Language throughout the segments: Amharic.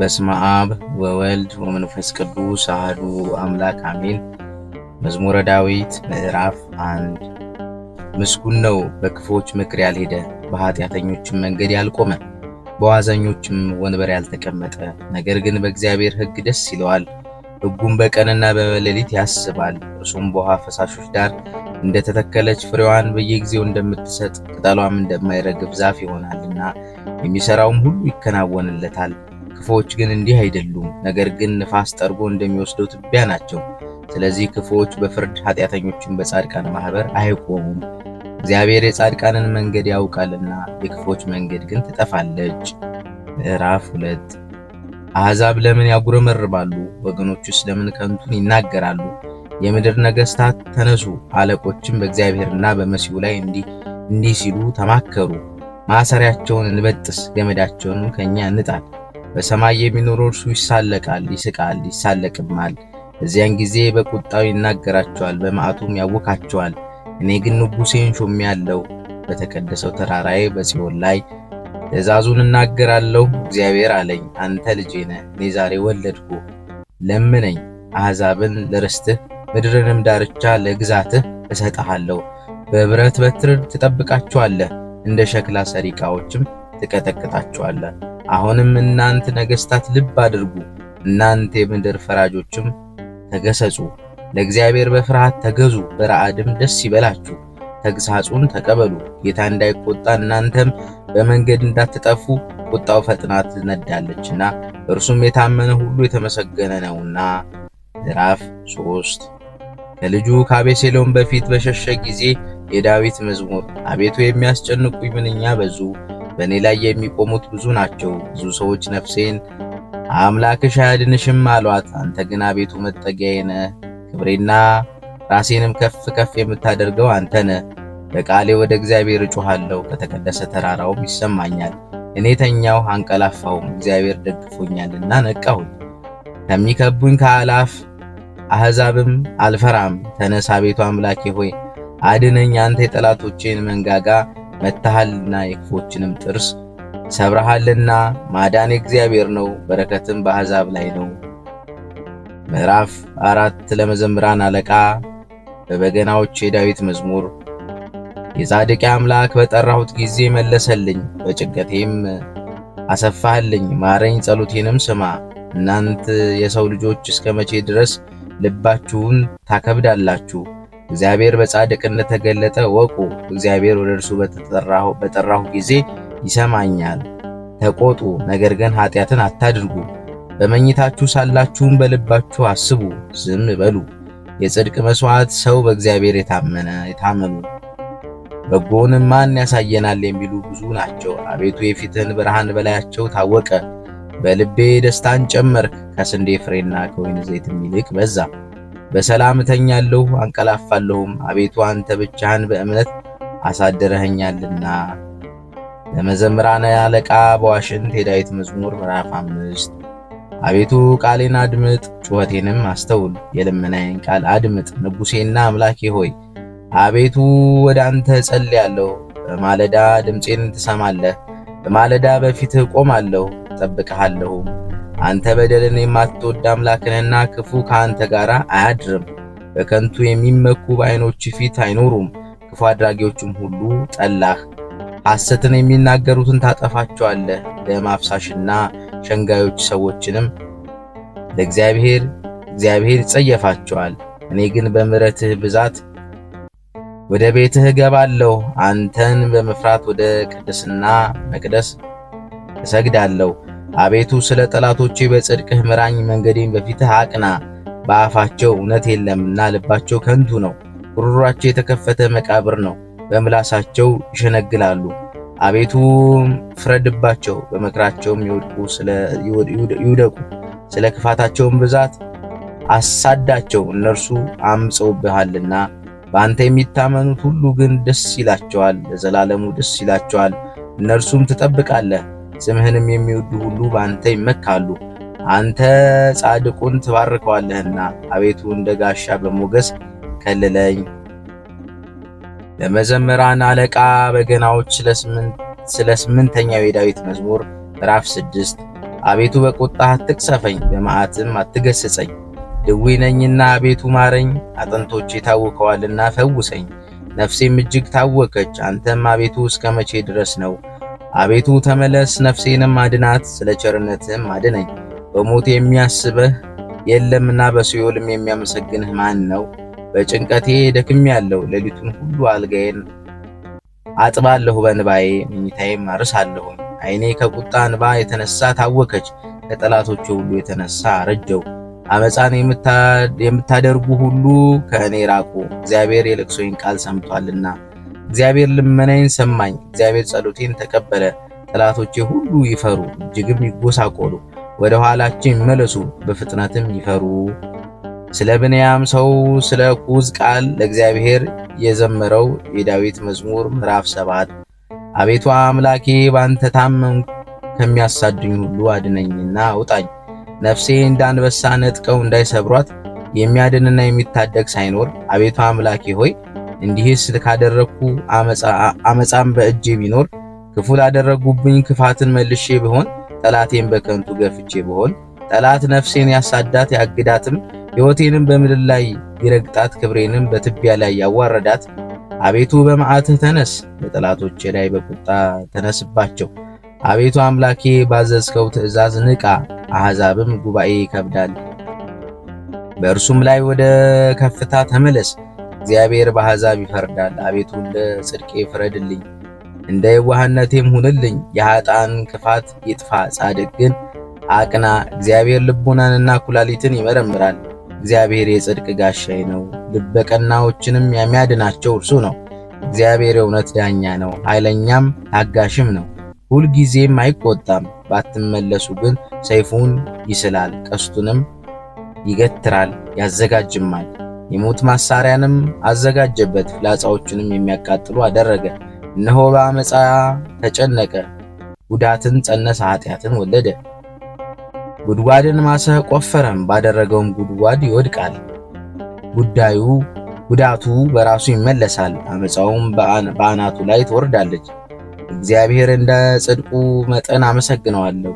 በስመ አብ ወወልድ ወመንፈስ ቅዱስ አህዱ አምላክ አሜን። መዝሙረ ዳዊት ምዕራፍ አንድ ምስጉን ነው በክፎች ምክር ያልሄደ፣ በኃጢአተኞችም መንገድ ያልቆመ፣ በዋዘኞችም ወንበር ያልተቀመጠ፣ ነገር ግን በእግዚአብሔር ሕግ ደስ ይለዋል፣ ሕጉም በቀንና በሌሊት ያስባል። እርሱም በውሃ ፈሳሾች ዳር እንደተተከለች ፍሬዋን በየጊዜው እንደምትሰጥ ቅጠሏም እንደማይረግፍ ዛፍ ይሆናልና የሚሠራውም ሁሉ ይከናወንለታል። ክፉዎች ግን እንዲህ አይደሉም፣ ነገር ግን ንፋስ ጠርጎ እንደሚወስደው ትቢያ ናቸው። ስለዚህ ክፉዎች በፍርድ ኃጢአተኞችን በጻድቃን ማህበር አይቆሙም። እግዚአብሔር የጻድቃንን መንገድ ያውቃልና የክፎች መንገድ ግን ትጠፋለች። ምዕራፍ ሁለት አሕዛብ ለምን ያጉረመርባሉ? ወገኖቹስ ለምን ከንቱን ይናገራሉ? የምድር ነገሥታት ተነሱ፣ አለቆችም በእግዚአብሔርና በመሲሁ ላይ እንዲህ ሲሉ ተማከሩ። ማሰሪያቸውን እንበጥስ፣ ገመዳቸውንም ከእኛ እንጣል በሰማይ የሚኖር እርሱ ይሳለቃል፣ ይስቃል፣ ይሳለቅማል። በዚያን ጊዜ በቁጣው ይናገራቸዋል፣ በመዓቱም ያውካቸዋል። እኔ ግን ንጉሴን ያለው በተቀደሰው ተራራዬ በጽዮን ላይ ትእዛዙን እናገራለሁ። እግዚአብሔር አለኝ፣ አንተ ልጄ ነህ፣ እኔ ዛሬ ወለድኩ። ለምነኝ፣ አሕዛብን ለርስትህ፣ ምድርንም ዳርቻ ለግዛትህ እሰጥሃለሁ። በብረት በትር ትጠብቃቸዋለህ፣ እንደ ሸክላ ሰሪቃዎችም ትቀጠቅጣቸዋለን። አሁንም እናንተ ነገሥታት ልብ አድርጉ፣ እናንተ የምድር ፈራጆችም ተገሰጹ። ለእግዚአብሔር በፍርሃት ተገዙ፣ በረአድም ደስ ይበላችሁ፣ ተግሳጹን ተቀበሉ። ጌታ እንዳይቆጣ እናንተም በመንገድ እንዳትጠፉ ቁጣው ፈጥና ትነዳለችና እርሱም የታመነ ሁሉ የተመሰገነ ነውና። ምዕራፍ ሶስት ከልጁ ከአቤሴሎም በፊት በሸሸ ጊዜ የዳዊት መዝሙር። አቤቱ የሚያስጨንቁኝ ምንኛ በዙ! በእኔ ላይ የሚቆሙት ብዙ ናቸው። ብዙ ሰዎች ነፍሴን አምላክሽ አያድንሽም አሏት። አንተ ግን አቤቱ መጠጊያዬ ነህ፣ ክብሬና ራሴንም ከፍ ከፍ የምታደርገው አንተ ነህ። በቃሌ ወደ እግዚአብሔር እጮኋለሁ፣ ከተቀደሰ ተራራውም ይሰማኛል። እኔ ተኛው አንቀላፋሁም፣ እግዚአብሔር ደግፎኛልና ነቃሁኝ። ከሚከቡኝ ከአላፍ አሕዛብም አልፈራም። ተነሳ ቤቱ አምላኬ ሆይ አድነኝ፣ አንተ የጠላቶቼን መንጋጋ መታሃልና የክፎችንም ጥርስ ሰብረሃልና ማዳን የእግዚአብሔር ነው፣ በረከትም በአሕዛብ ላይ ነው። ምዕራፍ አራት ለመዘምራን አለቃ በበገናዎች የዳዊት መዝሙር። የጻድቅ አምላክ በጠራሁት ጊዜ መለሰልኝ፣ በጭንቀቴም አሰፋህልኝ። ማረኝ፣ ጸሎቴንም ስማ። እናንት የሰው ልጆች እስከ መቼ ድረስ ልባችሁን ታከብዳላችሁ? እግዚአብሔር በጻድቅነት ተገለጠ ወቁ እግዚአብሔር ወደ እርሱ በጠራሁ ጊዜ ይሰማኛል። ተቆጡ፣ ነገር ግን ኃጢአትን አታድርጉ። በመኝታችሁ ሳላችሁም በልባችሁ አስቡ፣ ዝም በሉ። የጽድቅ መስዋዕት ሰው በእግዚአብሔር የታመነ የታመኑ በጎውንም ማን ያሳየናል የሚሉ ብዙ ናቸው። አቤቱ የፊትህን ብርሃን በላያቸው ታወቀ። በልቤ ደስታን ጨመርክ፣ ከስንዴ ፍሬና ከወይን ዘይት የሚልቅ በዛ። በሰላም እተኛለሁ አንቀላፋለሁም። አቤቱ አንተ ብቻህን በእምነት አሳድረኸኛልና። ለመዘምራነ አለቃ በዋሽንት የዳዊት መዝሙር ምዕራፍ አምስት አቤቱ ቃሌን አድምጥ፣ ጩኸቴንም አስተውል፣ የልመናዬን ቃል አድምጥ። ንጉሴና አምላኬ ሆይ አቤቱ ወደ አንተ ጸልያለሁ። በማለዳ ድምፄን ትሰማለህ፣ በማለዳ በፊትህ ቆማለሁ እጠብቅሃለሁም። አንተ በደልን የማትወድ አምላክንና ክፉ ከአንተ ጋር አያድርም። በከንቱ የሚመኩ በዓይኖች ፊት አይኖሩም። ክፉ አድራጊዎችም ሁሉ ጠላህ። ሐሰትን የሚናገሩትን ታጠፋቸዋለህ። ደም አፍሳሽና ሸንጋዮች ሰዎችንም ለእግዚአብሔር እግዚአብሔር ይጸየፋቸዋል። እኔ ግን በምሕረትህ ብዛት ወደ ቤትህ እገባለሁ። አንተን በመፍራት ወደ ቅድስና መቅደስ እሰግዳለሁ። አቤቱ ስለ ጠላቶቼ በጽድቅህ ምራኝ፣ መንገዴን በፊትህ አቅና። በአፋቸው እውነት የለምና ልባቸው ከንቱ ነው። ጉሮሯቸው የተከፈተ መቃብር ነው፣ በምላሳቸው ይሸነግላሉ። አቤቱ ፍረድባቸው፣ በመክራቸውም ይወድቁ ስለ ይውደቁ። ስለ ክፋታቸውም ብዛት አሳዳቸው፣ እነርሱ አምፀውብሃልና። በአንተ የሚታመኑት ሁሉ ግን ደስ ይላቸዋል፣ ለዘላለሙ ደስ ይላቸዋል። እነርሱም ትጠብቃለህ ስምህንም የሚወዱ ሁሉ በአንተ ይመካሉ። አንተ ጻድቁን ትባርከዋለህና፣ አቤቱ እንደ ጋሻ በሞገስ ከልለኝ። ለመዘምራን አለቃ በገናዎች ስለ ስምንተኛው የዳዊት መዝሙር ምዕራፍ ስድስት አቤቱ በቁጣ አትቅሰፈኝ፣ በመዓትም አትገስጸኝ። ድዊ ነኝና አቤቱ ማረኝ፣ አጥንቶቼ ታውከዋልና ፈውሰኝ። ነፍሴም እጅግ ታወከች። አንተም አቤቱ እስከ መቼ ድረስ ነው አቤቱ ተመለስ፣ ነፍሴንም አድናት፣ ስለ ቸርነትህም አድነኝ። በሞት የሚያስበህ የለምና በሲኦልም የሚያመሰግንህ ማን ነው? በጭንቀቴ ያለው ሌሊቱን ሁሉ አልጋዬን አጥባለሁ፣ በንባዬ ምኝታዬም አርሳለሁ። ዓይኔ ከቁጣ እንባ የተነሳ ታወከች፣ ከጠላቶች ሁሉ የተነሳ አረጀው። አመፃን የምታደርጉ ሁሉ ከእኔ ራቁ፣ እግዚአብሔር የልቅሶኝ ቃል ሰምቷልና። እግዚአብሔር ልመናዬን ሰማኝ፣ እግዚአብሔር ጸሎቴን ተቀበለ። ጠላቶቼ ሁሉ ይፈሩ፣ እጅግም ይጎሳቆሉ፣ ወደ ኋላቸው ይመለሱ፣ በፍጥነትም ይፈሩ። ስለ ብንያም ሰው ስለ ኩዝ ቃል ለእግዚአብሔር የዘመረው የዳዊት መዝሙር ምዕራፍ ሰባት አቤቱ አምላኬ ባንተ ታመንኩ ከሚያሳድኝ ሁሉ አድነኝና አውጣኝ። ነፍሴ እንዳንበሳ ነጥቀው እንዳይሰብሯት የሚያድንና የሚታደግ ሳይኖር አቤቱ አምላኬ ሆይ እንዲህስ ካደረግኩ አመፃም በእጄ ቢኖር ክፉ ላደረጉብኝ ክፋትን መልሼ ብሆን ጠላቴን በከንቱ ገፍቼ ብሆን ጠላት ነፍሴን ያሳዳት ያግዳትም ሕይወቴንም በምድር ላይ ይረግጣት ክብሬንም በትቢያ ላይ ያዋረዳት። አቤቱ በመዓትህ ተነስ፣ በጠላቶቼ ላይ በቁጣ ተነስባቸው። አቤቱ አምላኬ ባዘዝከው ትእዛዝ ንቃ፣ አሕዛብም ጉባኤ ይከብዳል። በእርሱም ላይ ወደ ከፍታ ተመለስ። እግዚአብሔር በአሕዛብ ይፈርዳል። አቤቱ እንደ ጽድቄ ፍረድልኝ፣ እንደ የዋህነቴም ሁንልኝ። የኃጥአን ክፋት ይጥፋ፣ ጻድቅ ግን አቅና። እግዚአብሔር ልቡናንና ኩላሊትን ይመረምራል። እግዚአብሔር የጽድቅ ጋሻዬ ነው፣ ልበ ቀናዎችንም የሚያድናቸው እርሱ ነው። እግዚአብሔር የእውነት ዳኛ ነው፣ ኃይለኛም ታጋሽም ነው። ሁልጊዜም አይቆጣም። ባትመለሱ ግን ሰይፉን ይስላል፣ ቀስቱንም ይገትራል፣ ያዘጋጅማል። የሞት ማሳሪያንም አዘጋጀበት፣ ፍላጻዎቹንም የሚያቃጥሉ አደረገ። እነሆ በአመፃ ተጨነቀ፣ ጉዳትን ጸነሰ፣ ኃጢአትን ወለደ። ጉድጓድን ማሰህ ቆፈረም፣ ባደረገውም ጉድጓድ ይወድቃል። ጉዳዩ ጉዳቱ በራሱ ይመለሳል፣ አመፃውም በአናቱ ላይ ትወርዳለች። እግዚአብሔር እንደ ጽድቁ መጠን አመሰግነዋለሁ፣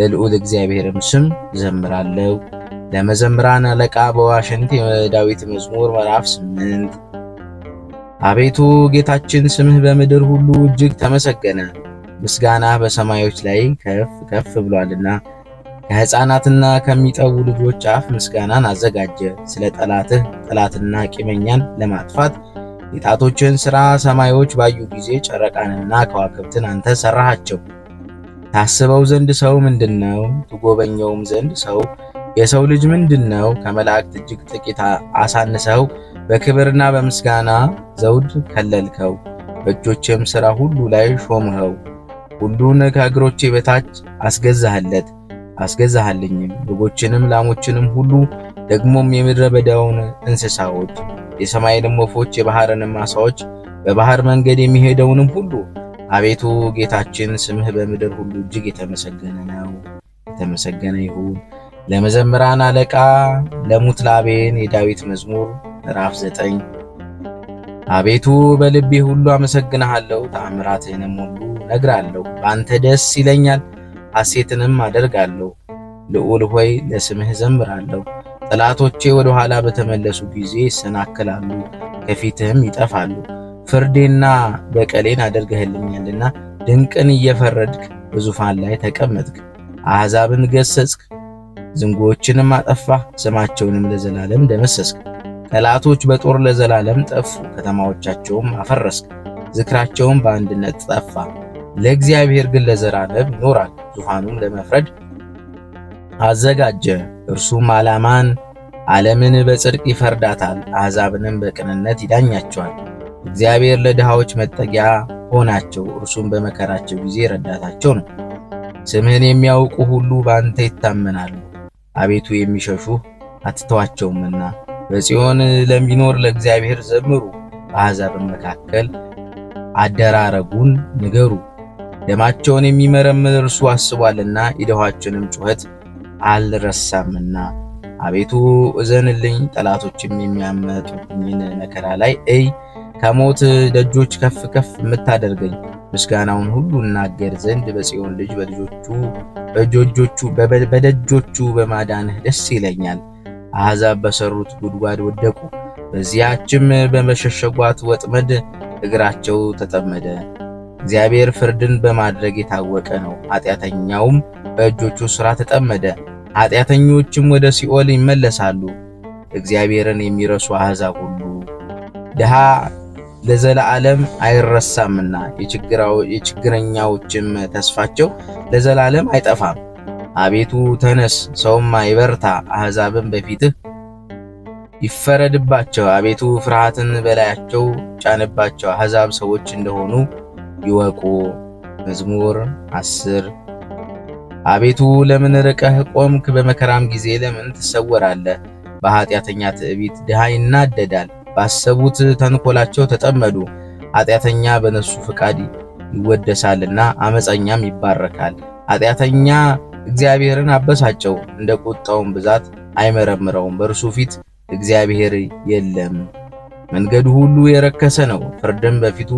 ለልዑል እግዚአብሔርም ስም ዘምራለሁ። ለመዘምራን አለቃ በዋሽንት የዳዊት መዝሙር ምዕራፍ 8። አቤቱ ጌታችን ስምህ በምድር ሁሉ እጅግ ተመሰገነ፣ ምስጋና በሰማዮች ላይ ከፍ ከፍ ብሏልና። ከሕፃናትና ከሚጠቡ ልጆች አፍ ምስጋናን አዘጋጀ። ስለ ጠላትህ ጠላትና ቂመኛን ለማጥፋት የጣቶችን ሥራ ሰማዮች ባዩ ጊዜ ጨረቃንና ከዋክብትን አንተ ሠራሃቸው። ታስበው ዘንድ ሰው ምንድን ነው? ትጎበኘውም ዘንድ ሰው የሰው ልጅ ምንድን ነው? ከመላእክት እጅግ ጥቂት አሳንሰው በክብርና በምስጋና ዘውድ ከለልከው፣ በእጆችም ሥራ ሁሉ ላይ ሾምኸው። ሁሉን ከእግሮቼ በታች አስገዛህለት አስገዛሃልኝም፣ በጎችንም ላሞችንም ሁሉ ደግሞም የምድረ በዳውን እንስሳዎች፣ የሰማይንም ወፎች፣ የባህርንም አሳዎች በባህር መንገድ የሚሄደውንም ሁሉ። አቤቱ ጌታችን ስምህ በምድር ሁሉ እጅግ የተመሰገነ ነው። የተመሰገነ ይሁን። ለመዘምራን አለቃ ለሙትላቤን የዳዊት መዝሙር ምዕራፍ ዘጠኝ አቤቱ በልቤ ሁሉ አመሰግንሃለሁ፣ ተአምራትህንም ሁሉ ነግራለሁ። በአንተ ደስ ይለኛል፣ ሐሴትንም አደርጋለሁ። ልዑል ሆይ ለስምህ ዘምራለሁ። ጠላቶቼ ወደ ኋላ በተመለሱ ጊዜ ይሰናከላሉ፣ ከፊትህም ይጠፋሉ። ፍርዴና በቀሌን አድርገህልኛልና ድንቅን እየፈረድክ በዙፋን ላይ ተቀመጥክ። አሕዛብን ገሰጽክ ዝንጎዎችንም አጠፋ ስማቸውንም ለዘላለም ደመሰስክ። ጠላቶች በጦር ለዘላለም ጠፉ፣ ከተማዎቻቸውም አፈረስክ፣ ዝክራቸውም በአንድነት ጠፋ። ለእግዚአብሔር ግን ለዘላለም ይኖራል፣ ዙፋኑም ለመፍረድ አዘጋጀ። እርሱም ዓላማን ዓለምን በጽድቅ ይፈርዳታል፣ አሕዛብንም በቅንነት ይዳኛቸዋል። እግዚአብሔር ለድሃዎች መጠጊያ ሆናቸው፣ እርሱም በመከራቸው ጊዜ ረዳታቸው ነው። ስምህን የሚያውቁ ሁሉ በአንተ ይታመናሉ። አቤቱ የሚሸሹ አትተዋቸውምና። በጽዮን ለሚኖር ለእግዚአብሔር ዘምሩ፣ በአሕዛብ መካከል አደራረጉን ንገሩ። ደማቸውን የሚመረምር እርሱ አስቧልና የደኋችንም ጩኸት አልረሳምና። አቤቱ እዘንልኝ፣ ጠላቶችም የሚያመጡብኝን መከራ ላይ እይ። ከሞት ደጆች ከፍ ከፍ የምታደርገኝ ምስጋናውን ሁሉ እናገር ዘንድ በጽዮን ልጅ በልጆቹ በጆጆቹ በደጆቹ በማዳንህ ደስ ይለኛል። አሕዛብ በሰሩት ጉድጓድ ወደቁ፣ በዚያችም በመሸሸጓት ወጥመድ እግራቸው ተጠመደ። እግዚአብሔር ፍርድን በማድረግ የታወቀ ነው፣ ኃጢአተኛውም በእጆቹ ሥራ ተጠመደ። ኃጢአተኞችም ወደ ሲኦል ይመለሳሉ፣ እግዚአብሔርን የሚረሱ አሕዛብ ሁሉ ድሃ ለዘላለም አይረሳምና የችግረኛዎችም ተስፋቸው ለዘላለም አይጠፋም። አቤቱ ተነስ፣ ሰውም አይበርታ፣ አሕዛብን በፊትህ ይፈረድባቸው። አቤቱ ፍርሃትን በላያቸው ጫንባቸው፣ አሕዛብ ሰዎች እንደሆኑ ይወቁ። መዝሙር አስር አቤቱ ለምን ርቀህ ቆምክ? በመከራም ጊዜ ለምን ትሰወራለህ? በኃጢአተኛ ትዕቢት ድሃ ይናደዳል ባሰቡት ተንኮላቸው ተጠመዱ። ኃጢአተኛ በነሱ ፍቃድ ይወደሳልና አመፀኛም ይባረካል። ኃጢአተኛ እግዚአብሔርን አበሳጨው፣ እንደ ቁጣውን ብዛት አይመረምረውም። በእርሱ ፊት እግዚአብሔር የለም። መንገዱ ሁሉ የረከሰ ነው፣ ፍርድም በፊቱ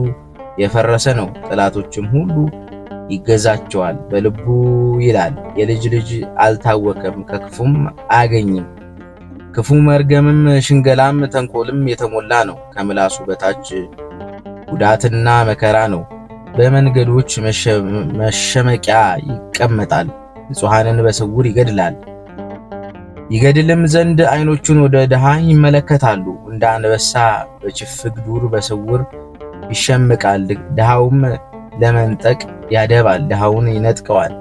የፈረሰ ነው። ጠላቶችም ሁሉ ይገዛቸዋል። በልቡ ይላል የልጅ ልጅ አልታወቀም፣ ከክፉም አያገኝም። ክፉ መርገምም ሽንገላም ተንኮልም የተሞላ ነው። ከምላሱ በታች ጉዳትና መከራ ነው። በመንገዶች መሸመቂያ ይቀመጣል። ንጹሐንን በስውር ይገድላል። ይገድልም ዘንድ ዓይኖቹን ወደ ድሃ ይመለከታሉ። እንደ አንበሳ በችፍግ ዱር በስውር ይሸምቃል። ድሃውም ለመንጠቅ ያደባል፣ ድሃውን ይነጥቀዋል።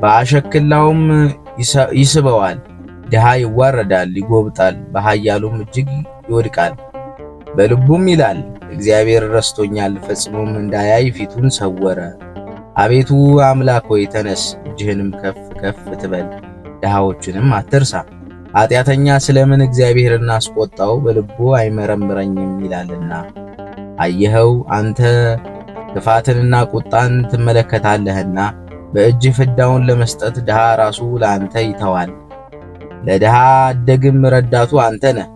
በአሸክላውም ይስበዋል። ድሃ ይዋረዳል፣ ይጎብጣል፣ በኃያሉም እጅግ ይወድቃል። በልቡም ይላል እግዚአብሔር ረስቶኛል፣ ፈጽሞም እንዳያይ ፊቱን ሰወረ። አቤቱ አምላክ ሆይ ተነስ፣ እጅህንም ከፍ ከፍ ትበል፣ ድሃዎችንም አትርሳ። ኃጢአተኛ ስለምን እግዚአብሔርን አስቆጣው? በልቡ አይመረምረኝም ይላልና። አየኸው አንተ ክፋትንና ቁጣን ትመለከታለህና በእጅ ፍዳውን ለመስጠት ድሃ ራሱ ለአንተ ይተዋል። ለድሃ አደግም ረዳቱ አንተ ነህ።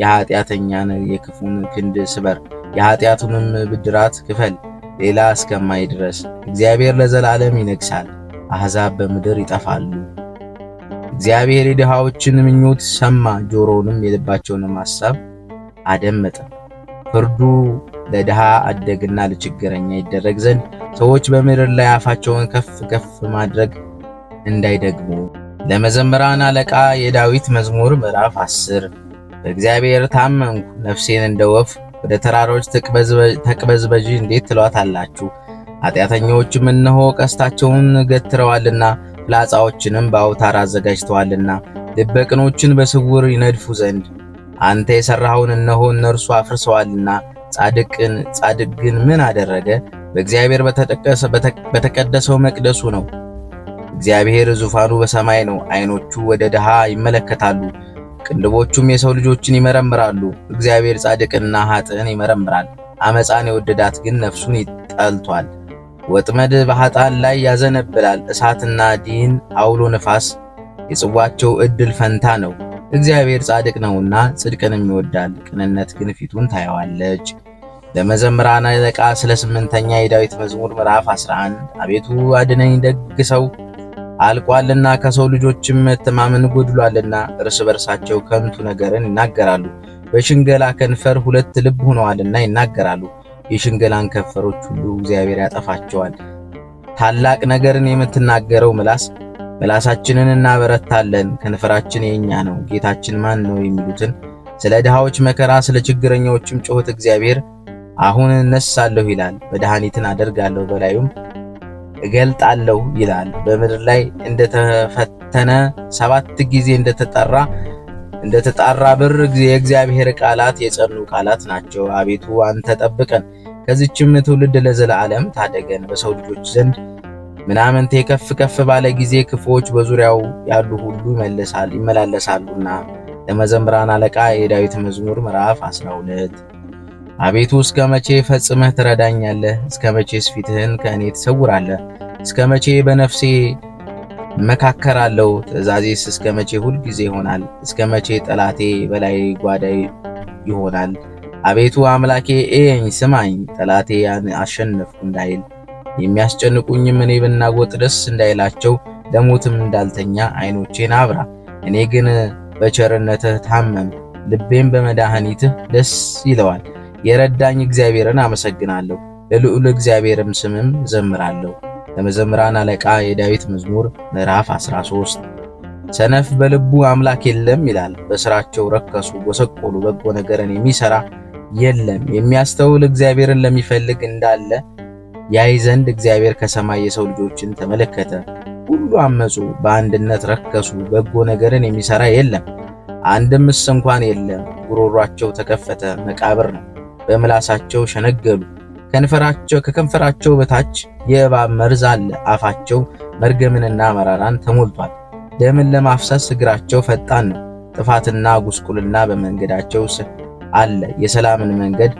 የኃጢአተኛን የክፉን ክንድ ስበር፣ የኃጢአቱንም ብድራት ክፈል ሌላ እስከማይ ድረስ። እግዚአብሔር ለዘላለም ይነግሣል፣ አሕዛብ በምድር ይጠፋሉ። እግዚአብሔር የድሃዎችን ምኞት ሰማ፣ ጆሮውንም የልባቸውንም ሐሳብ አደመጠ። ፍርዱ ለድሃ አደግና ለችግረኛ ይደረግ ዘንድ ሰዎች በምድር ላይ አፋቸውን ከፍ ከፍ ማድረግ እንዳይደግሙ። ለመዘምራን አለቃ የዳዊት መዝሙር ምዕራፍ 10 በእግዚአብሔር ታመንኩ፣ ነፍሴን እንደ ወፍ ወደ ተራሮች ተቅበዝበዥ እንዴት ትሏት አላችሁ? ኃጢአተኞችም እነሆ ቀስታቸውን ገትረዋልና ፍላጻዎችንም በአውታር አዘጋጅተዋልና ልበቅኖችን በስውር ይነድፉ ዘንድ አንተ የሠራኸውን እነሆ እነርሱ አፍርሰዋልና ጻድቅን ጻድቅ ግን ምን አደረገ? በእግዚአብሔር በተቀደሰው መቅደሱ ነው። እግዚአብሔር ዙፋኑ በሰማይ ነው። አይኖቹ ወደ ድሃ ይመለከታሉ፣ ቅንድቦቹም የሰው ልጆችን ይመረምራሉ። እግዚአብሔር ጻድቅንና ኃጥን ይመረምራል። አመፃን የወደዳት ግን ነፍሱን ይጠልቷል። ወጥመድ በኃጣን ላይ ያዘነብላል። እሳትና ዲን አውሎ ነፋስ የጽዋቸው እድል ፈንታ ነው። እግዚአብሔር ጻድቅ ነውና ጽድቅንም ይወዳል፣ ቅንነት ግን ፊቱን ታየዋለች። ለመዘምራን አለቃ ስለ ስምንተኛ የዳዊት መዝሙር ምዕራፍ 11 አቤቱ አድነኝ ደግ ሰው አልቋልና ከሰው ልጆችም መተማመን ጎድሏልና እርስ በርሳቸው ከንቱ ነገርን ይናገራሉ። በሽንገላ ከንፈር ሁለት ልብ ሆነዋልና ይናገራሉ። የሽንገላን ከንፈሮች ሁሉ እግዚአብሔር ያጠፋቸዋል። ታላቅ ነገርን የምትናገረው ምላስ ምላሳችንን እናበረታለን። ከንፈራችን የኛ ነው ጌታችን ማን ነው የሚሉትን ስለ ድሃዎች መከራ ስለ ችግረኛዎችም ጩኸት እግዚአብሔር አሁን እነሳለሁ ይላል፣ መድኃኒትን አደርጋለሁ በላዩም እገልጣለሁ ይላል። በምድር ላይ እንደተፈተነ ሰባት ጊዜ እንደተጠራ እንደተጣራ ብር የእግዚአብሔር ቃላት የጸኑ ቃላት ናቸው። አቤቱ አንተ ጠብቀን፣ ከዚችም ትውልድ ለዘላለም ታደገን። በሰው ልጆች ዘንድ ምናምንቴ ከፍ ከፍ ባለ ጊዜ ክፉዎች በዙሪያው ያሉ ሁሉ ይመለሳል ይመላለሳሉና። ለመዘምራን አለቃ የዳዊት መዝሙር ምዕራፍ 12 አቤቱ እስከ መቼ ፈጽመህ ትረዳኛለህ? እስከ መቼስ ፊትህን ከእኔ ትሰውራለህ? እስከ መቼ በነፍሴ መካከራለሁ? ትእዛዜስ እስከ መቼ ሁል ጊዜ ይሆናል? እስከ መቼ ጠላቴ በላይ ጓዳይ ይሆናል? አቤቱ አምላኬ እየኝ፣ ስማኝ፣ ጠላቴ አሸነፍኩ እንዳይል የሚያስጨንቁኝም እኔ ብናወጥ ደስ እንዳይላቸው ለሞትም እንዳልተኛ ዓይኖቼን አብራ። እኔ ግን በቸርነትህ ታመም፣ ልቤም በመድኃኒትህ ደስ ይለዋል። የረዳኝ እግዚአብሔርን አመሰግናለሁ፣ ለልዑል እግዚአብሔርም ስምም ዘምራለሁ። ለመዘምራን አለቃ የዳዊት መዝሙር ምዕራፍ 13 ሰነፍ በልቡ አምላክ የለም ይላል። በስራቸው ረከሱ፣ ጎሰቆሉ፣ በጎ ነገርን የሚሰራ የለም። የሚያስተውል እግዚአብሔርን ለሚፈልግ እንዳለ ያይ ዘንድ እግዚአብሔር ከሰማይ የሰው ልጆችን ተመለከተ። ሁሉ አመፁ፣ በአንድነት ረከሱ፣ በጎ ነገርን የሚሰራ የለም፣ አንድም እስ እንኳን የለም። ጉሮሯቸው ተከፈተ፣ መቃብር ነው። በምላሳቸው ሸነገሉ። ከንፈራቸው ከከንፈራቸው በታች የእባብ መርዝ አለ። አፋቸው መርገምንና መራራን ተሞልቷል። ደምን ለማፍሰስ እግራቸው ፈጣን ነው። ጥፋትና ጉስቁልና በመንገዳቸው አለ። የሰላምን መንገድ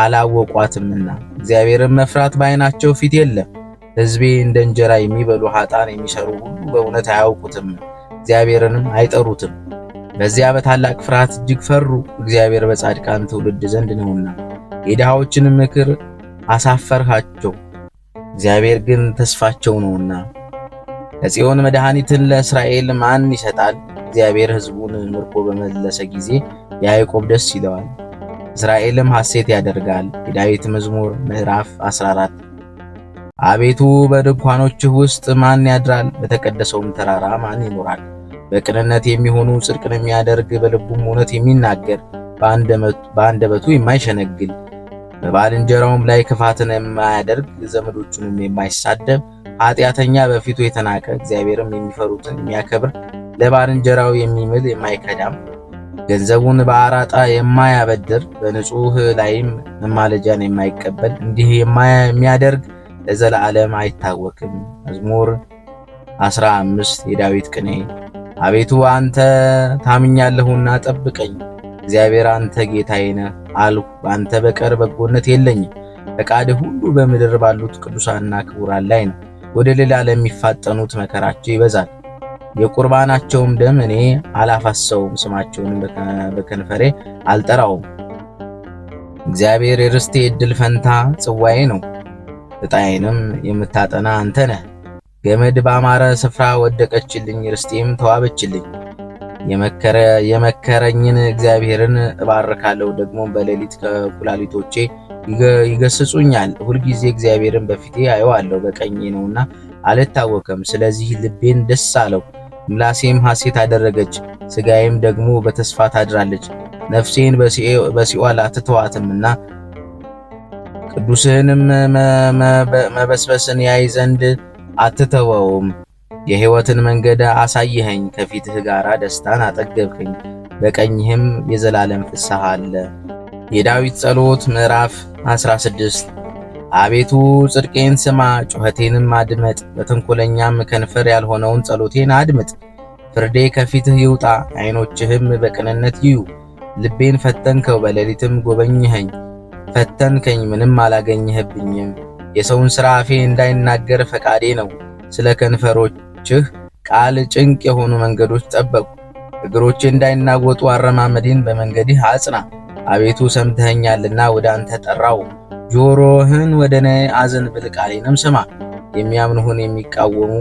አላወቋትምና እግዚአብሔርን መፍራት በዓይናቸው ፊት የለም። ሕዝቤ እንደ እንጀራ የሚበሉ ኃጣን የሚሰሩ ሁሉ በእውነት አያውቁትም፣ እግዚአብሔርንም አይጠሩትም። በዚያ በታላቅ ፍርሃት እጅግ ፈሩ፣ እግዚአብሔር በጻድቃን ትውልድ ዘንድ ነውና። የድሃዎችንም ምክር አሳፈርሃቸው፣ እግዚአብሔር ግን ተስፋቸው ነውና። ለጽዮን መድኃኒትን ለእስራኤል ማን ይሰጣል? እግዚአብሔር ሕዝቡን ምርኮ በመለሰ ጊዜ ያዕቆብ ደስ ይለዋል፣ እስራኤልም ሐሴት ያደርጋል። የዳዊት መዝሙር ምዕራፍ 14 አቤቱ በድንኳኖችህ ውስጥ ማን ያድራል? በተቀደሰውም ተራራ ማን ይኖራል? በቅንነት የሚሆኑ ጽድቅን የሚያደርግ በልቡም እውነት የሚናገር በአንደበቱ የማይሸነግል በባልንጀራውም ላይ ክፋትን የማያደርግ ዘመዶቹንም የማይሳደብ ኃጢአተኛ በፊቱ የተናቀ እግዚአብሔርም የሚፈሩትን የሚያከብር ለባልንጀራው የሚምል የማይከዳም ገንዘቡን በአራጣ የማያበድር በንጹህ ላይም መማለጃን የማይቀበል እንዲህ የሚያደርግ ለዘላለም አይታወቅም። መዝሙር 15 የዳዊት ቅኔ አቤቱ አንተ ታምኛለሁና ጠብቀኝ። እግዚአብሔር አንተ ጌታዬ ነህ አልሁ፣ በአንተ በቀር በጎነት የለኝም። ፈቃድህ ሁሉ በምድር ባሉት ቅዱሳንና ክቡራን ላይ ነው። ወደ ሌላ ለሚፋጠኑት መከራቸው ይበዛል። የቁርባናቸውም ደም እኔ አላፋሰውም፣ ስማቸውንም በከንፈሬ አልጠራውም። እግዚአብሔር የርስቴ እድል ፈንታ ጽዋዬ ነው፣ ዕጣዬንም የምታጠና አንተ ነህ። ገመድ ባማረ ስፍራ ወደቀችልኝ፣ ርስቴም ተዋበችልኝ። የመከረኝን እግዚአብሔርን እባርካለሁ፣ ደግሞ በሌሊት ከኩላሊቶቼ ይገስጹኛል። ሁልጊዜ እግዚአብሔርን በፊቴ አየዋለሁ፣ በቀኜ ነውና አልታወከም። ስለዚህ ልቤን ደስ አለው፣ ምላሴም ሐሴት አደረገች፣ ስጋዬም ደግሞ በተስፋ ታድራለች። ነፍሴን በሲኦል አትተዋትምና ቅዱስህንም መበስበስን ያይ ዘንድ አትተወውም። የሕይወትን መንገድ አሳይኸኝ፣ ከፊትህ ጋር ደስታን አጠገብከኝ፣ በቀኝህም የዘላለም ፍስሐ አለ። የዳዊት ጸሎት ምዕራፍ 16 አቤቱ ጽድቄን ስማ፣ ጩኸቴንም አድመጥ፣ በተንኮለኛም ከንፈር ያልሆነውን ጸሎቴን አድምጥ። ፍርዴ ከፊትህ ይውጣ፣ ዓይኖችህም በቅንነት ይዩ። ልቤን ፈተንከው፣ በሌሊትም ጎበኝኸኝ፣ ፈተንከኝ፣ ምንም አላገኘህብኝም። የሰውን ሥራ አፌ እንዳይናገር ፈቃዴ ነው። ስለ ከንፈሮችህ ቃል ጭንቅ የሆኑ መንገዶች ጠበቁ። እግሮቼ እንዳይናወጡ አረማመዴን በመንገድህ አጽና። አቤቱ ሰምተኸኛልና ወደ አንተ ጠራው። ጆሮህን ወደ እኔ አዘንብል፣ ቃሌንም ስማ። የሚያምንሁን የሚቃወሙ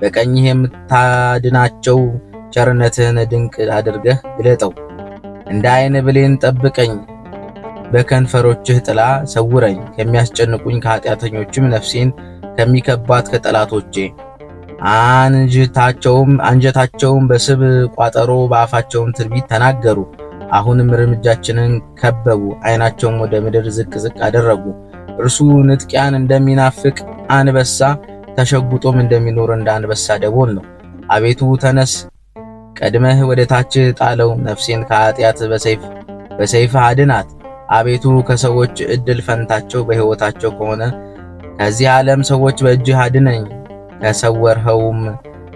በቀኝህ የምታድናቸው ቸርነትህን ድንቅ አድርገህ ግለጠው። እንደ ዓይን ብሌን ጠብቀኝ በከንፈሮችህ ጥላ ሰውረኝ፣ ከሚያስጨንቁኝ ከኃጢአተኞችም ነፍሴን ከሚከባት ከጠላቶቼ። አንጀታቸውም አንጀታቸውም በስብ ቋጠሮ በአፋቸውም ትንቢት ተናገሩ። አሁንም እርምጃችንን ከበቡ፣ ዓይናቸውም ወደ ምድር ዝቅ ዝቅ አደረጉ። እርሱ ንጥቂያን እንደሚናፍቅ አንበሳ ተሸጉጦም እንደሚኖር እንደ አንበሳ ደቦል ነው። አቤቱ ተነስ፣ ቀድመህ ወደ ታች ጣለው፣ ነፍሴን ከኃጢአት በሰይፍ በሰይፍ አድናት። አቤቱ ከሰዎች እድል ፈንታቸው በሕይወታቸው ከሆነ ከዚህ ዓለም ሰዎች በእጅህ አድነኝ። ከሰወርኸውም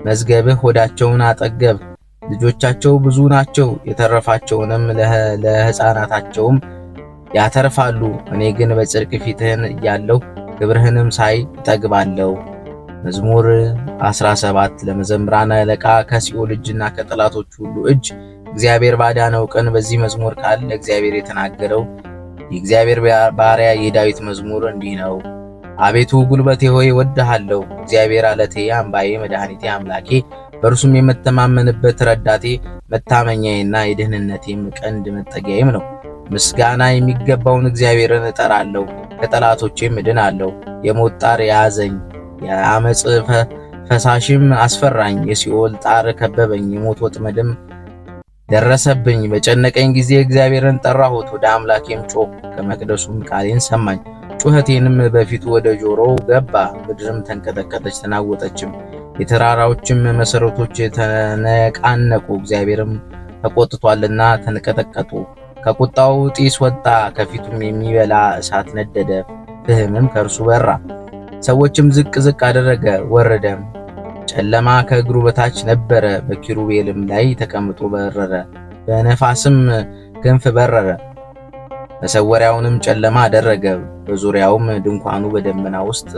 መዝገብህ ሆዳቸውን አጠገብ። ልጆቻቸው ብዙ ናቸው፣ የተረፋቸውንም ለሕፃናታቸውም ያተርፋሉ። እኔ ግን በጽድቅ ፊትህን እያለሁ ግብርህንም ሳይ እጠግባለሁ። መዝሙር 17 ለመዘምራን አለቃ ከሲኦል እጅና ከጠላቶች ሁሉ እጅ እግዚአብሔር ባዳነው ቀን በዚህ መዝሙር ቃል ለእግዚአብሔር የተናገረው የእግዚአብሔር ባሪያ የዳዊት መዝሙር እንዲህ ነው። አቤቱ ጉልበቴ ሆይ ወድሃለሁ። እግዚአብሔር አለቴ፣ አምባዬ፣ መድኃኒቴ፣ አምላኬ በእርሱም የምተማመንበት ረዳቴ፣ መታመኛዬና የደህንነቴም ቀንድ መጠጊያዬም ነው። ምስጋና የሚገባውን እግዚአብሔርን እጠራለሁ፣ ከጠላቶቼም እድናለሁ። የሞት ጣር የያዘኝ የአመፅ ፈሳሽም አስፈራኝ። የሲኦል ጣር ከበበኝ፣ የሞት ወጥመድም ደረሰብኝ። በጨነቀኝ ጊዜ እግዚአብሔርን ጠራሁት፣ ወደ አምላኬም ጮህ። ከመቅደሱም ቃሌን ሰማኝ፣ ጩኸቴንም በፊቱ ወደ ጆሮው ገባ። ምድርም ተንቀጠቀጠች ተናወጠችም፣ የተራራዎችም መሰረቶች ተነቃነቁ። እግዚአብሔርም ተቆጥቷልና ተንቀጠቀጡ። ከቁጣው ጢስ ወጣ፣ ከፊቱም የሚበላ እሳት ነደደ፣ ፍህምም ከእርሱ በራ። ሰዎችም ዝቅ ዝቅ አደረገ ወረደም ጨለማ ከእግሩ በታች ነበረ፣ በኪሩቤልም ላይ ተቀምጦ በረረ፣ በነፋስም ክንፍ በረረ። መሰወሪያውንም ጨለማ አደረገ። በዙሪያውም ድንኳኑ በደመና ውስጥ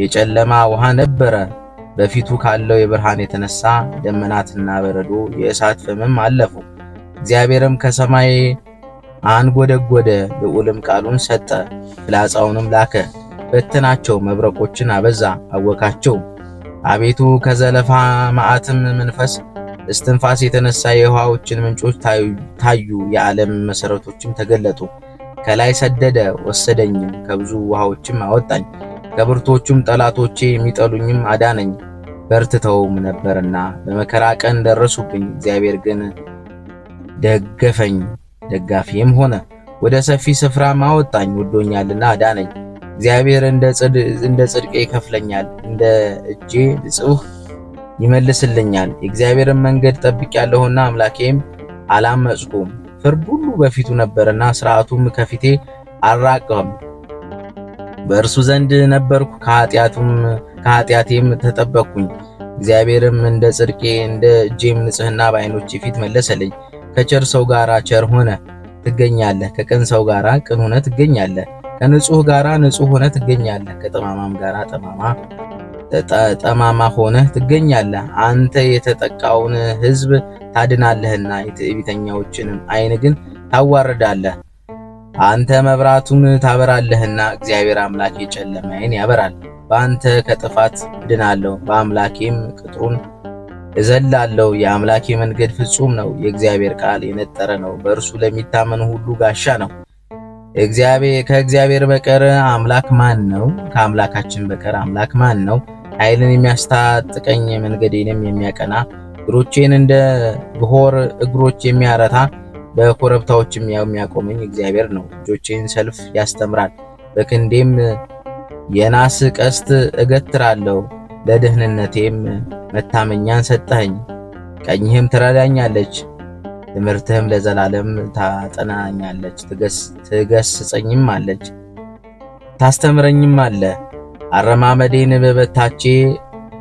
የጨለማ ውሃ ነበረ። በፊቱ ካለው የብርሃን የተነሳ ደመናትና በረዶ የእሳት ፍምም አለፉ። እግዚአብሔርም ከሰማይ አንጎደጎደ፣ ልዑልም ቃሉን ሰጠ። ፍላጻውንም ላከ፣ በተናቸው፣ መብረቆችን አበዛ፣ አወካቸው። አቤቱ ከዘለፋ ማዕትም መንፈስ እስትንፋስ የተነሳ የውሃዎችን ምንጮች ታዩ፣ የዓለም መሰረቶችም ተገለጡ። ከላይ ሰደደ ወሰደኝም፣ ከብዙ ውሃዎችም አወጣኝ። ከብርቶቹም ጠላቶቼ የሚጠሉኝም አዳነኝ። በርትተውም ነበርና በመከራ ቀን ደረሱብኝ። እግዚአብሔር ግን ደገፈኝ፣ ደጋፊም ሆነ። ወደ ሰፊ ስፍራም አወጣኝ፣ ወዶኛልና አዳነኝ። እግዚአብሔር እንደ ጽድቄ ይከፍለኛል፣ እንደ እጄ ንጹህ ይመልስልኛል። የእግዚአብሔርን መንገድ ጠብቄያለሁና አምላኬም አላመጽኩም። ፍርድ ሁሉ በፊቱ ነበርና ስርዓቱም ከፊቴ አልራቀም። በእርሱ ዘንድ ነበርኩ፣ ከኃጢአቴም ተጠበቅኩኝ። እግዚአብሔርም እንደ ጽድቄ እንደ እጄም ንጽህና በዓይኖቼ ፊት መለሰልኝ። ከቸር ሰው ጋር ቸር ሆነ ትገኛለህ፣ ከቅን ሰው ጋር ቅን ሆነ ትገኛለህ። ከንጹህ ጋራ ንጹህ ሆነ ትገኛለህ፣ ከጠማማም ጋራ ጠማማ ጠማማ ሆነ ትገኛለህ። አንተ የተጠቃውን ሕዝብ ታድናለህና የትዕቢተኛዎችንም ዓይን ግን ታዋርዳለህ። አንተ መብራቱን ታበራለህና እግዚአብሔር አምላክ የጨለማዬን ያበራል። በአንተ ከጥፋት ድናለሁ፣ በአምላኬም ቅጥሩን እዘላለሁ። የአምላኬ መንገድ ፍጹም ነው፣ የእግዚአብሔር ቃል የነጠረ ነው፣ በእርሱ ለሚታመኑ ሁሉ ጋሻ ነው። ከእግዚአብሔር በቀር አምላክ ማን ነው? ከአምላካችን በቀር አምላክ ማን ነው? ኃይልን የሚያስታጥቀኝ መንገዴንም የሚያቀና እግሮቼን እንደ ብሆር እግሮች የሚያረታ በኮረብታዎችም የሚያቆመኝ እግዚአብሔር ነው። እጆቼን ሰልፍ ያስተምራል፣ በክንዴም የናስ ቀስት እገትራለሁ። ለደህንነቴም መታመኛን ሰጠኸኝ፣ ቀኝህም ትረዳኛለች። ትምህርትህም ለዘላለም ታጠናኛለች፣ ትገስጸኝም አለች፣ ታስተምረኝም አለ። አረማመዴን በበታቼ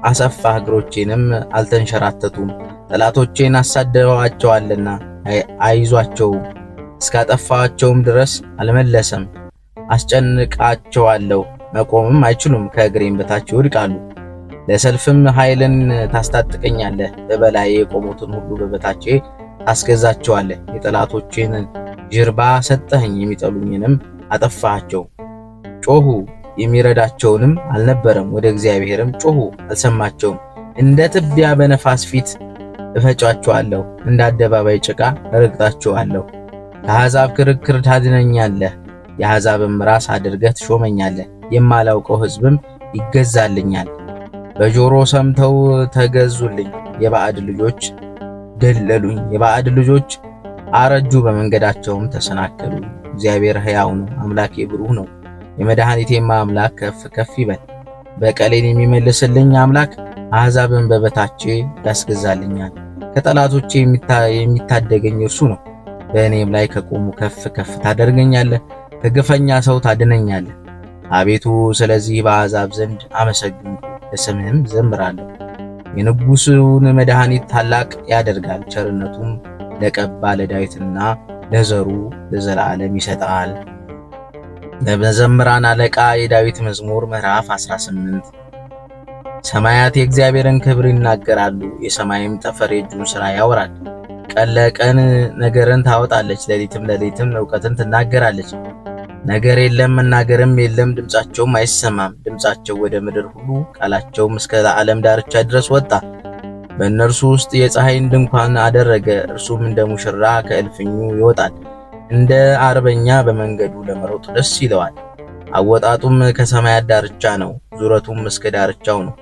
አሰፋ እግሮቼንም አልተንሸራተቱም። ጠላቶቼን አሳደዋቸዋልና አይዟቸው፣ እስካጠፋቸውም ድረስ አልመለሰም። አስጨንቃቸዋለሁ፣ መቆምም አይችሉም፣ ከእግሬም በታች ይወድቃሉ። ለሰልፍም ኃይልን ታስታጥቀኛለህ። በበላዬ የቆሙትን ሁሉ በበታቼ አስገዛቸዋለህ። የጠላቶችን ጀርባ ሰጠኸኝ፣ የሚጠሉኝንም አጠፋቸው ጮሁ የሚረዳቸውንም አልነበረም። ወደ እግዚአብሔርም ጮሁ አልሰማቸውም። እንደ ትቢያ በነፋስ ፊት እፈጫቸዋለሁ፣ እንደ አደባባይ ጭቃ እረግጣቸዋለሁ። ከአሕዛብ ክርክር ታድነኛለህ፣ የአሕዛብም ራስ አድርገህ ትሾመኛለህ። የማላውቀው ሕዝብም ይገዛልኛል። በጆሮ ሰምተው ተገዙልኝ፣ የባዕድ ልጆች ደለሉኝ። የባዕድ ልጆች አረጁ፣ በመንገዳቸውም ተሰናከሉ። እግዚአብሔር ሕያው ነው፣ አምላኬ ብሩህ ነው። የመድኃኒቴማ አምላክ ከፍ ከፍ ይበል። በቀሌን የሚመልስልኝ አምላክ አሕዛብን በበታቼ ያስገዛልኛል። ከጠላቶቼ የሚታደገኝ እርሱ ነው። በእኔም ላይ ከቆሙ ከፍ ከፍ ታደርገኛለህ፣ ከግፈኛ ሰው ታድነኛለህ። አቤቱ ስለዚህ በአሕዛብ ዘንድ አመሰግንኩ፣ ለስምህም ዘምራለሁ። የንጉሱን መድኃኒት ታላቅ ያደርጋል፣ ቸርነቱም ለቀባ ለዳዊትና ለዘሩ ለዘላለም ይሰጣል። ለመዘምራን አለቃ የዳዊት መዝሙር ምዕራፍ 18 ሰማያት የእግዚአብሔርን ክብር ይናገራሉ፣ የሰማይም ጠፈር የእጁን ሥራ ያወራል። ቀን ለቀን ነገርን ታወጣለች፣ ሌሊትም ለሊትም እውቀትን ትናገራለች። ነገር የለም መናገርም የለም ድምፃቸውም አይሰማም። ድምፃቸው ወደ ምድር ሁሉ ቃላቸውም እስከ ዓለም ዳርቻ ድረስ ወጣ። በእነርሱ ውስጥ የፀሐይን ድንኳን አደረገ። እርሱም እንደ ሙሽራ ከእልፍኙ ይወጣል፣ እንደ አርበኛ በመንገዱ ለመሮጥ ደስ ይለዋል። አወጣጡም ከሰማያት ዳርቻ ነው፣ ዙረቱም እስከ ዳርቻው ነው።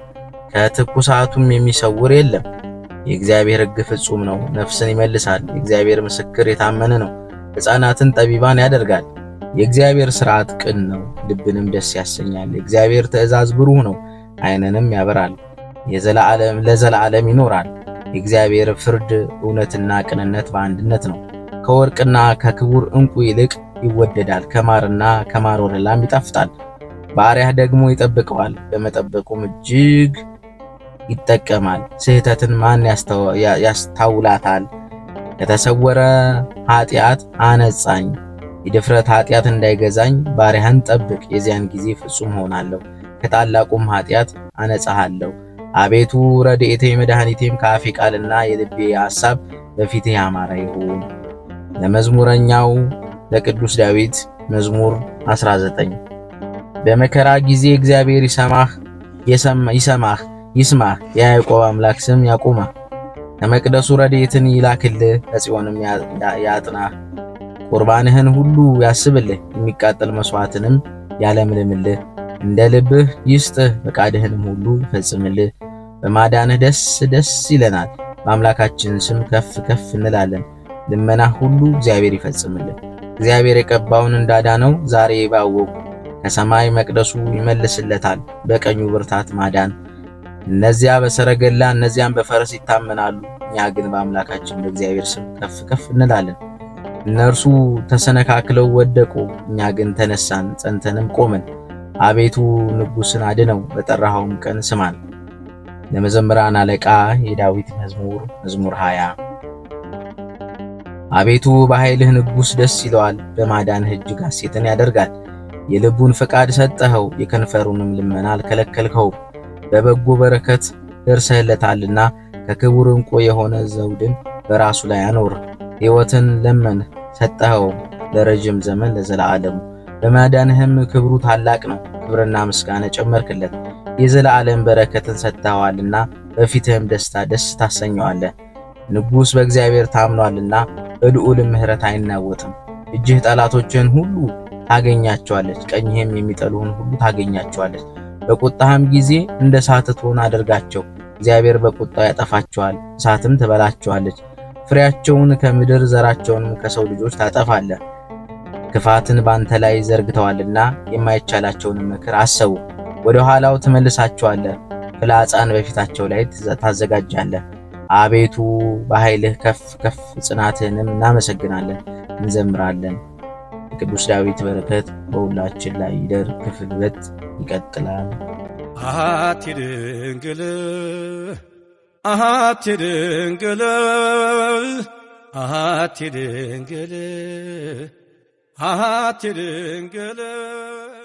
ከትኩሳቱም የሚሰውር የለም። የእግዚአብሔር ሕግ ፍጹም ነው፣ ነፍስን ይመልሳል። የእግዚአብሔር ምስክር የታመነ ነው፣ ሕፃናትን ጠቢባን ያደርጋል። የእግዚአብሔር ስርዓት ቅን ነው፣ ልብንም ደስ ያሰኛል። የእግዚአብሔር ትእዛዝ ብሩህ ነው፣ ዓይንንም ያበራል። የዘላለም ለዘላለም ይኖራል። የእግዚአብሔር ፍርድ እውነትና ቅንነት በአንድነት ነው። ከወርቅና ከክቡር ዕንቁ ይልቅ ይወደዳል። ከማርና ከማር ወለላም ይጣፍጣል። ባሪያህ ደግሞ ይጠብቀዋል፣ በመጠበቁም እጅግ ይጠቀማል። ስህተትን ማን ያስታውላታል? ከተሰወረ ኃጢአት አነጻኝ። የድፍረት ኃጢአት እንዳይገዛኝ ባሪያህን ጠብቅ። የዚያን ጊዜ ፍጹም ሆናለሁ፣ ከታላቁም ኃጢአት አነጻሃለሁ። አቤቱ ረድኤቴ መድኃኒቴም ከአፌ ቃልና የልቤ ሐሳብ በፊት ያማረ ይሁን። ለመዝሙረኛው ለቅዱስ ዳዊት መዝሙር 19 በመከራ ጊዜ እግዚአብሔር ይሰማህ ይሰማህ ይስማህ የያዕቆብ አምላክ ስም ያቁማ ከመቅደሱ ረድኤትን ይላክልህ፣ ለጽዮንም ያጥናህ። ቁርባንህን ሁሉ ያስብልህ፣ የሚቃጠል መስዋዕትንም ያለምልምልህ። እንደ ልብህ ይስጥህ፣ ፈቃድህንም ሁሉ ይፈጽምልህ። በማዳንህ ደስ ደስ ይለናል፣ በአምላካችን ስም ከፍ ከፍ እንላለን። ልመና ሁሉ እግዚአብሔር ይፈጽምልህ። እግዚአብሔር የቀባውን እንዳዳነው ዛሬ ባወቁ ከሰማይ መቅደሱ ይመልስለታል፣ በቀኙ ብርታት ማዳን። እነዚያ በሰረገላ እነዚያም በፈረስ ይታመናሉ፣ እኛ ግን በአምላካችን በእግዚአብሔር ስም ከፍ ከፍ እንላለን። እነርሱ ተሰነካክለው ወደቁ፣ እኛ ግን ተነሳን፣ ጸንተንም ቆምን። አቤቱ ንጉሥን አድነው፣ በጠራኸውም ቀን ስማን። ለመዘምራን አለቃ የዳዊት መዝሙር መዝሙር 20 አቤቱ በኃይልህ ንጉሥ ደስ ይለዋል፣ በማዳንህ እጅግ ሐሴትን ያደርጋል። የልቡን ፈቃድ ሰጠኸው፣ የከንፈሩንም ልመና አልከለከልከው። በበጎ በረከት ደርሰህለታልና ከክቡር ዕንቁ የሆነ ዘውድን በራሱ ላይ አኖር። ሕይወትን ለመን ሰጠኸው ለረጅም ዘመን ለዘለዓለሙ። በማዳንህም ክብሩ ታላቅ ነው። ክብርና ምስጋና ጨመርክለት፣ የዘላለም በረከትን ሰጥተኸዋልና በፊትህም ደስታ ደስ ታሰኘዋለህ። ንጉሥ በእግዚአብሔር ታምኗልና በልዑል ምሕረት አይናወጥም። እጅህ ጠላቶችን ሁሉ ታገኛቸዋለች፣ ቀኝህም የሚጠሉህን ሁሉ ታገኛቸዋለች። በቁጣህም ጊዜ እንደ እሳት እቶን አድርጋቸው። እግዚአብሔር በቁጣው ያጠፋቸዋል፣ እሳትም ትበላቸዋለች። ፍሬያቸውን ከምድር ዘራቸውንም ከሰው ልጆች ታጠፋለህ። ክፋትን ባንተ ላይ ዘርግተዋልና የማይቻላቸውን ምክር አሰቡ። ወደ ኋላው ትመልሳቸዋለህ፣ ፍላጻን በፊታቸው ላይ ታዘጋጃለህ። አቤቱ በኃይልህ ከፍ ከፍ ጽናትህንም እናመሰግናለን እንዘምራለን። የቅዱስ ዳዊት በረከት በሁላችን ላይ ይደር። ክፍል ሁለት ይቀጥላል። አሐቲ አሃቲ ድንግል አሃቲ ድንግል አሃቲ ድንግል